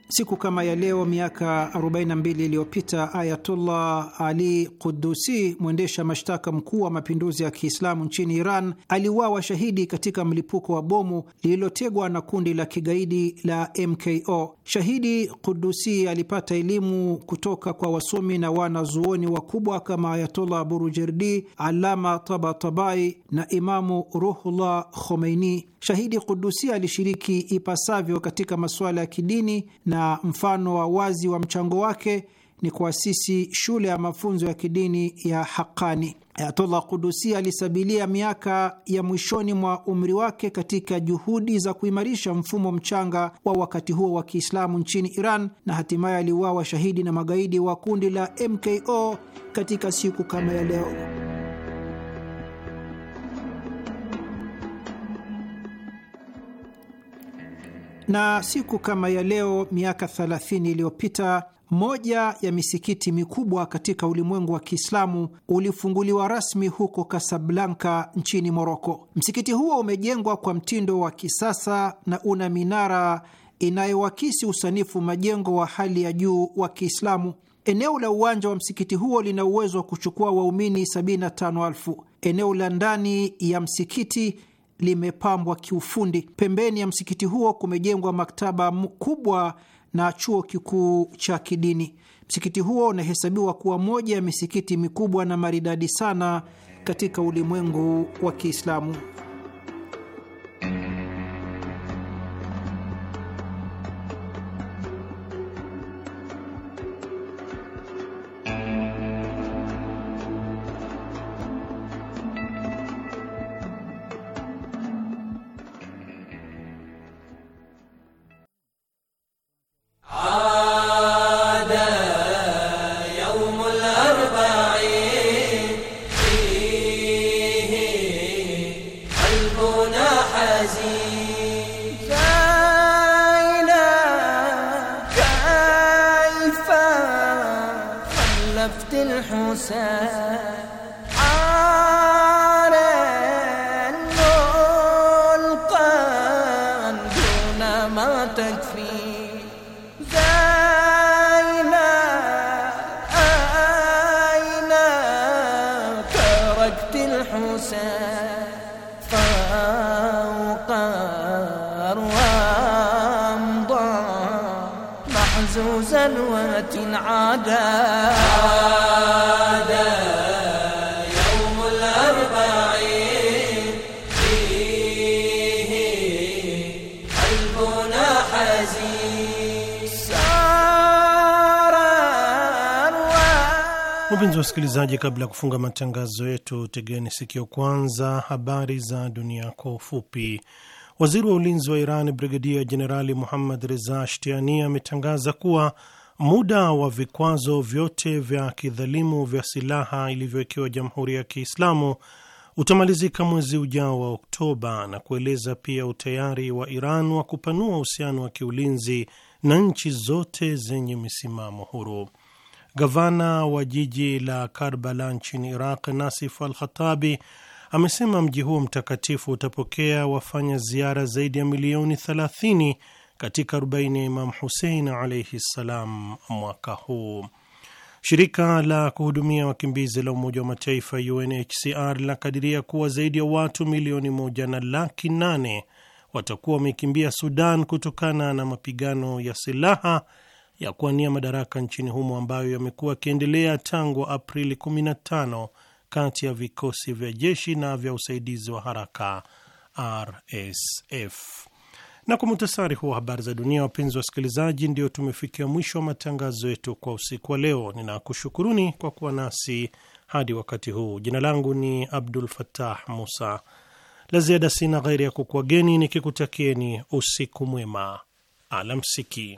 Siku kama ya leo miaka 42 iliyopita Ayatullah Ali Qudusi, mwendesha mashtaka mkuu wa mapinduzi ya Kiislamu nchini Iran, aliuawa shahidi katika mlipuko wa bomu lililotegwa na kundi la kigaidi la MKO. Shahidi Qudusi alipata elimu kutoka kwa wasomi na wanazuoni wakubwa kama Ayatullah Burujerdi, Alama Tabatabai na Imamu Ruhullah Khomeini. Shahidi Kudusi alishiriki ipasavyo katika masuala ya kidini na mfano wa wazi wa mchango wake ni kuasisi shule ya mafunzo ya kidini ya Haqani. Ayatollah Kudusi alisabilia miaka ya mwishoni mwa umri wake katika juhudi za kuimarisha mfumo mchanga wa wakati huo wa Kiislamu nchini Iran, na hatimaye aliuawa shahidi na magaidi wa kundi la MKO katika siku kama ya leo. Na siku kama ya leo miaka 30 iliyopita moja ya misikiti mikubwa katika ulimwengu wa Kiislamu ulifunguliwa rasmi huko Kasablanka nchini Moroko. Msikiti huo umejengwa kwa mtindo wa kisasa na una minara inayowakisi usanifu majengo wa hali ya juu wa Kiislamu. Eneo la uwanja wa msikiti huo lina uwezo wa kuchukua waumini 75 Eneo la ndani ya msikiti limepambwa kiufundi. Pembeni ya msikiti huo kumejengwa maktaba kubwa na chuo kikuu cha kidini. Msikiti huo unahesabiwa kuwa moja ya misikiti mikubwa na maridadi sana katika ulimwengu wa Kiislamu. الإنسان حالا دون ما تكفي زينا أين تركت الحسين فوق أروام ضاع محزوزا وتنعدام msikilizaji, kabla ya kufunga matangazo yetu, tegeni sikio kwanza habari za dunia kwa ufupi. Waziri wa ulinzi wa Iran brigedia Jenerali Muhammad Reza shtiani ametangaza kuwa muda wa vikwazo vyote vya kidhalimu vya silaha ilivyowekewa Jamhuri ya Kiislamu utamalizika mwezi ujao wa Oktoba na kueleza pia utayari wa Iran wa kupanua uhusiano wa kiulinzi na nchi zote zenye misimamo huru. Gavana wa jiji la Karbala nchini Iraq, Nasif al Khatabi, amesema mji huo mtakatifu utapokea wafanya ziara zaidi ya milioni 30 katika 40 ya Imam Husein alaihi ssalam mwaka huu. Shirika la kuhudumia wakimbizi la Umoja wa Mataifa UNHCR linakadiria kuwa zaidi ya watu milioni moja na laki nane watakuwa wamekimbia Sudan kutokana na mapigano ya silaha ya kuwania madaraka nchini humo ambayo yamekuwa yakiendelea tangu Aprili 15 kati ya vikosi vya jeshi na vya usaidizi wa haraka RSF. Na kwa muhtasari huwa habari za dunia, wapenzi wa wasikilizaji, ndio tumefikia mwisho wa matangazo yetu kwa usiku wa leo. Ninakushukuruni kwa kuwa nasi hadi wakati huu. Jina langu ni Abdul fatah Musa. La ziada sina ghairi ya kukuageni nikikutakieni usiku mwema, alamsiki.